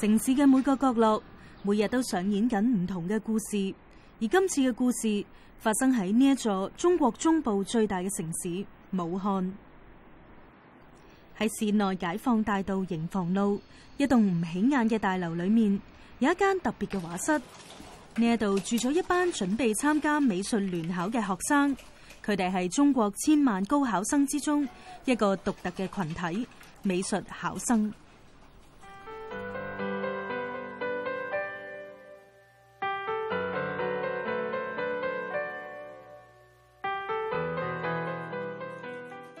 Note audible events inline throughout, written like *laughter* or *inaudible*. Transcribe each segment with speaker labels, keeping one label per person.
Speaker 1: 城市嘅每個角落，每日都上演緊唔同嘅故事。而今次嘅故事發生喺呢一座中國中部最大嘅城市武漢。喺市內解放大道營房路一幢唔起眼嘅大樓裏面，有一間特別嘅畫室。呢一度住咗一班準備參加美術聯考嘅學生，佢哋係中國千萬高考生之中一個獨特嘅群體——美術考生。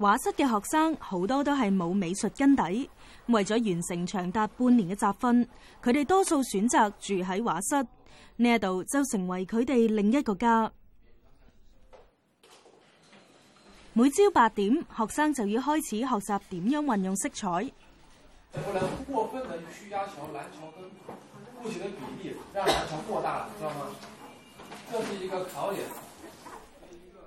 Speaker 1: 畫室嘅學生好多都係冇美術根底，為咗完成長達半年嘅集訓，佢哋多數選擇住喺畫室，呢一度就成為佢哋另一個家。每朝八點，學生就要開始學習點樣運用色彩。
Speaker 2: 過分。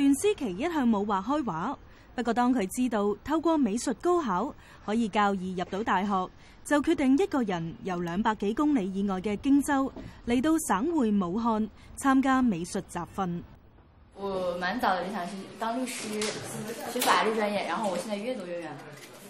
Speaker 1: 段思琪一向冇畫開畫，不過當佢知道透過美術高考可以較易入到大學，就決定一個人由兩百幾公里以外嘅荊州嚟到省會武漢參加美術集訓。
Speaker 3: 我蠻早嘅理想是當律師，學法律專業，然後我現在讀，越走越遠。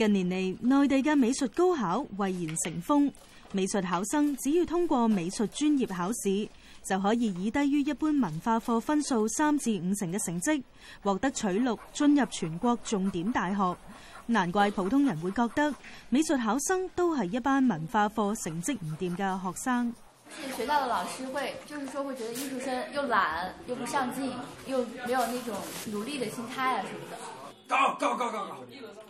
Speaker 1: 近年嚟，內地嘅美術高考蔚然成風，美術考生只要通過美術專業考試，就可以以低於一般文化課分數三至五成嘅成績獲得取錄，進入全國重點大學。難怪普通人會覺得美術考生都係一班文化課成績唔掂嘅學生。
Speaker 3: 學到嘅老師會，就是說會覺得藝術生
Speaker 2: 又懶，又不上進，又沒有那種努力的心態啊，什麼的。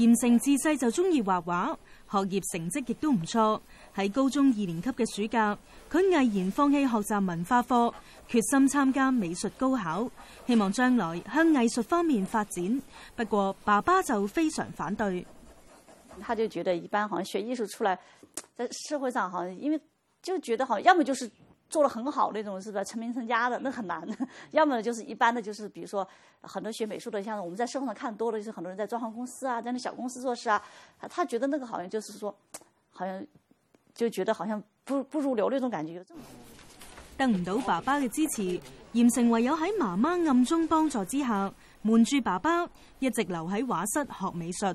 Speaker 1: 嚴成自細就中意畫畫，學業成績亦都唔錯。喺高中二年級嘅暑假，佢毅然放棄學習文化課，決心參加美術高考，希望將來向藝術方面發展。不過爸爸就非常反對，他就覺得一般好，好像學藝術出來，在社會上好像因為就覺得好
Speaker 3: 像要麼就是。做得很好那種，是吧？成名成家的那很難。要麼呢，就是一般的，就是比如說很多學美術的，像我們在社會上看多了，就是很多人在裝潢公司啊，在那小公司做事啊。
Speaker 1: 他覺得那個好像就是說，好像就覺得好像不不入流那種感覺，就這麼。得唔到爸爸嘅支持，嚴成唯有喺媽媽暗中幫助之下，瞞住爸爸，一直留喺畫室學美術。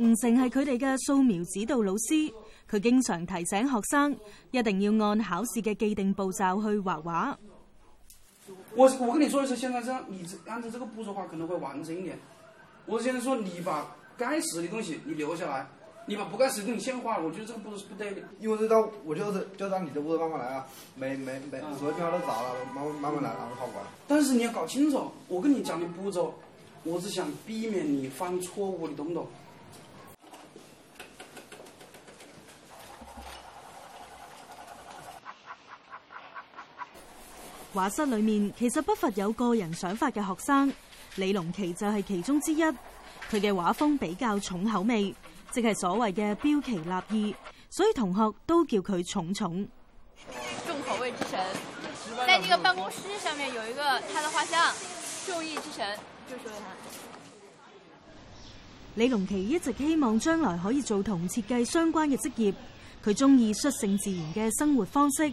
Speaker 1: 吳成係佢哋嘅素描指導老師，佢經常提醒學生一定要按考試嘅既定步驟去畫畫。
Speaker 2: 我我跟你說的是，現在這樣，你按照這個步驟話可能會完整一點。我現在說，你把該死的東西你留下來，你把不該死的東西先畫。我覺得這個步驟是不對的，因為這道我就是就按你的步驟慢慢來啊，每每每所有地方都砸了，慢慢慢慢來，然後畫完。但是你要搞清楚，我跟你講的步驟，我是想避免你犯錯誤，你懂不懂？
Speaker 1: 畫室裏面其實不乏有個人想法嘅學生，李隆奇就係其中之一。佢嘅畫風比較重口味，即係所謂嘅標奇立異，所以同學都叫佢重重。
Speaker 3: 重口味之神，在呢個辦公室上面有一個他的畫像，眾意之神，就是一下。
Speaker 1: 李隆奇一直希望將來可以做同設計相關嘅職業，佢中意率性自然嘅生活方式。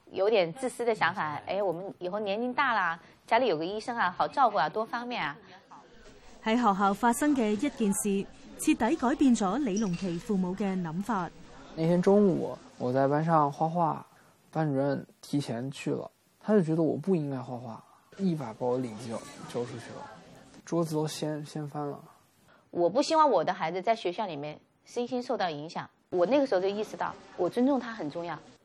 Speaker 3: 有點自私的想法，哎，我們以後年齡大了，家裏有個醫生啊，好照顧啊，多
Speaker 1: 方便啊。喺學校發生嘅一件事，徹底改變咗李龍琪父母嘅諗法。
Speaker 4: 那天中午，我在班上畫畫，班主任提前去了，他就覺得我不應該畫畫，一把把我領教交出去了，桌子都掀掀翻了。
Speaker 3: 我不希望我的孩子在學校裏面身心受到影響，我那個時候就意識到，我尊重他很重要。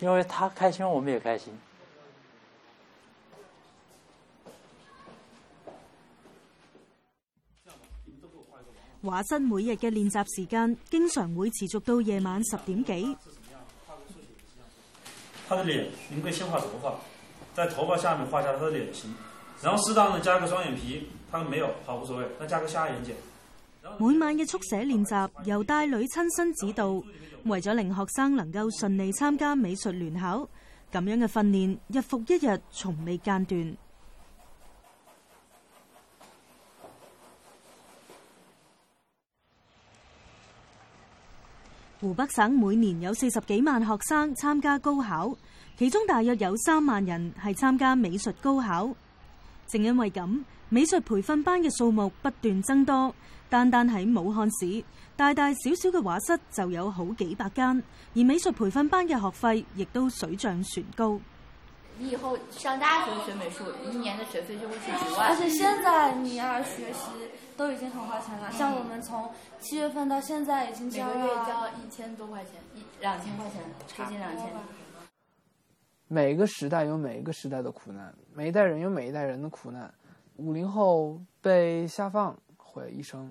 Speaker 5: 因為他開心，我們也開心。
Speaker 1: 畫室每日嘅練習時間經常會持續到夜晚十點幾。
Speaker 5: 他的臉，你們可以先畫頭髮，在頭髮下面畫下他的臉型，然後適當的加個雙眼皮。他沒有，好，無所謂，再加個下眼瞼。
Speaker 1: 每晚嘅速寫練習由帶女親身指導。為咗令學生能夠順利參加美術聯考，咁樣嘅訓練日復一日，從未間斷。湖北省每年有四十幾萬學生參加高考，其中大約有三萬人係參加美術高考。正因為咁，美術培訓班嘅數目不斷增多，單單喺武漢市。大大小小嘅畫室就有好幾百間，而美術培訓班嘅學費亦都水漲船高。你以後
Speaker 3: 上大學學美術，一年嘅學費就會幾萬、啊。而且現在你要、啊、學習都已經很花錢啦、嗯，像我們從七月份到現在已經交，每個月交一千多塊錢，一,一,千塊錢一兩千塊錢，接
Speaker 4: 近兩千。每個時代有每一個時代的苦難，每一代人有每一代人的苦難。五零後被下放毀一生。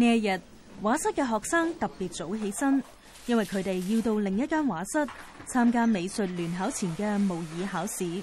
Speaker 1: 呢一日畫室嘅學生特別早起身，因為佢哋要到另一間畫室參加美術聯考前嘅模擬考試。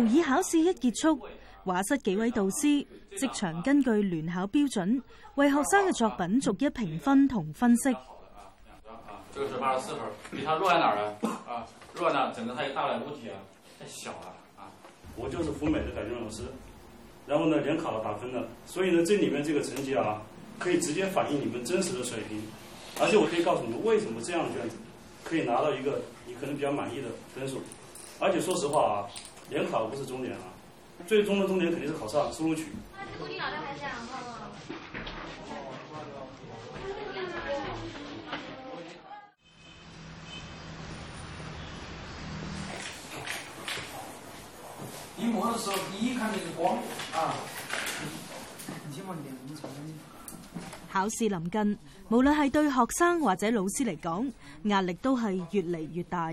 Speaker 1: 模擬考試一結束，畫室幾位導師，即場根據聯考標準，為學生的作品逐一評分同分析。好的啊，兩
Speaker 5: 張啊，這個是八十四分，比他弱喺哪啊？啊，弱呢，整個佢有大量物體啊，太小了啊。 *noise* 我就是福美的改卷老師，然後呢聯考打分呢，所以呢，這裏面這個成績啊，可以直接反映你們真實的水平，而且我可以告訴你們，為什麼這樣嘅卷子可以拿到一個你可能比較滿意的分數，而且說實話啊。聯考不是終點啊，最終的終點肯定是考上，入錄取。
Speaker 2: 臨摹的時候，第一看就是光啊。
Speaker 1: 考試臨近，無論係對學生或者老師嚟講，壓力都係越嚟越大。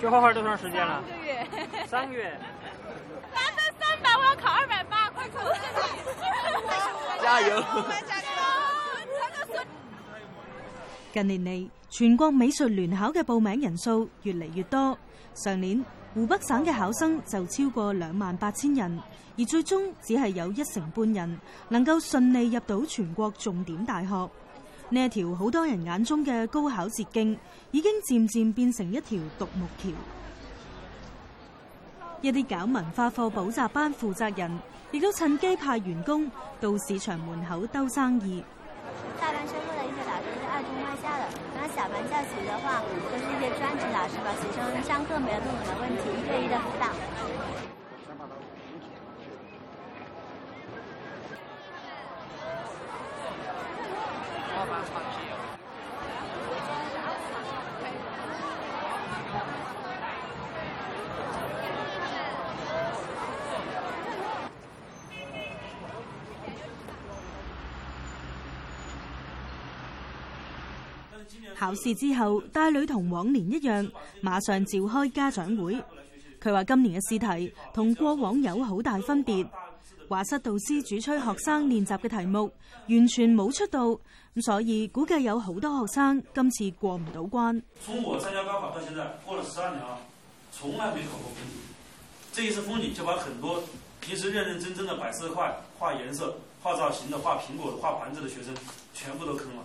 Speaker 5: 學
Speaker 3: 畫畫多長時間啦？三個月。三個月。三百，我要考二百
Speaker 1: 八，快考啦！加油！近年嚟，全國美術聯考嘅報名人數越嚟越多。上年湖北省嘅考生就超過兩萬八千人，而最終只係有一成半人能夠順利入到全國重點大學。呢一條好多人眼中嘅高考捷徑，已經漸漸變成一條獨木橋。一啲搞文化課補習班負責人，亦都趁機派員工到市場門口兜生意。
Speaker 3: 大班上課
Speaker 4: 的一些老師是按鐘上下的，然後小班教學的話，都、就是一些專職老師，把學生上課沒有弄懂的問題，一對一的輔導
Speaker 1: 考試之後，大女同往年一樣，馬上召開家長會。佢話今年嘅試題同過往有好大分別。畫室導師主催學生練習嘅題目完全冇出道，咁所以估計有好多學生今次過唔到關。
Speaker 5: 從我參加高考到現在過了十二年了，從來沒考過風景，這一次風景就把很多平時認認真真的擺色塊、畫顏色、畫造型的、的畫蘋果、畫盤子的學生全部都坑了。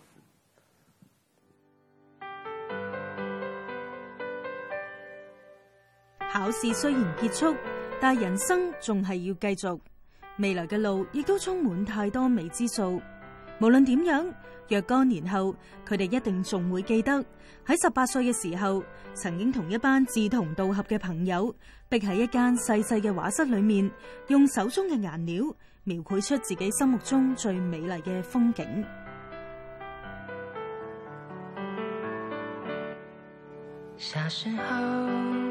Speaker 1: 考試雖然結束，但人生仲係要繼續。未來嘅路亦都充滿太多未知數。無論點樣，若干年後，佢哋一定仲會記得喺十八歲嘅時候，曾經同一班志同道合嘅朋友，逼喺一間細細嘅畫室裏面，用手中嘅顏料描繪出自己心目中最美麗嘅風景。小時候。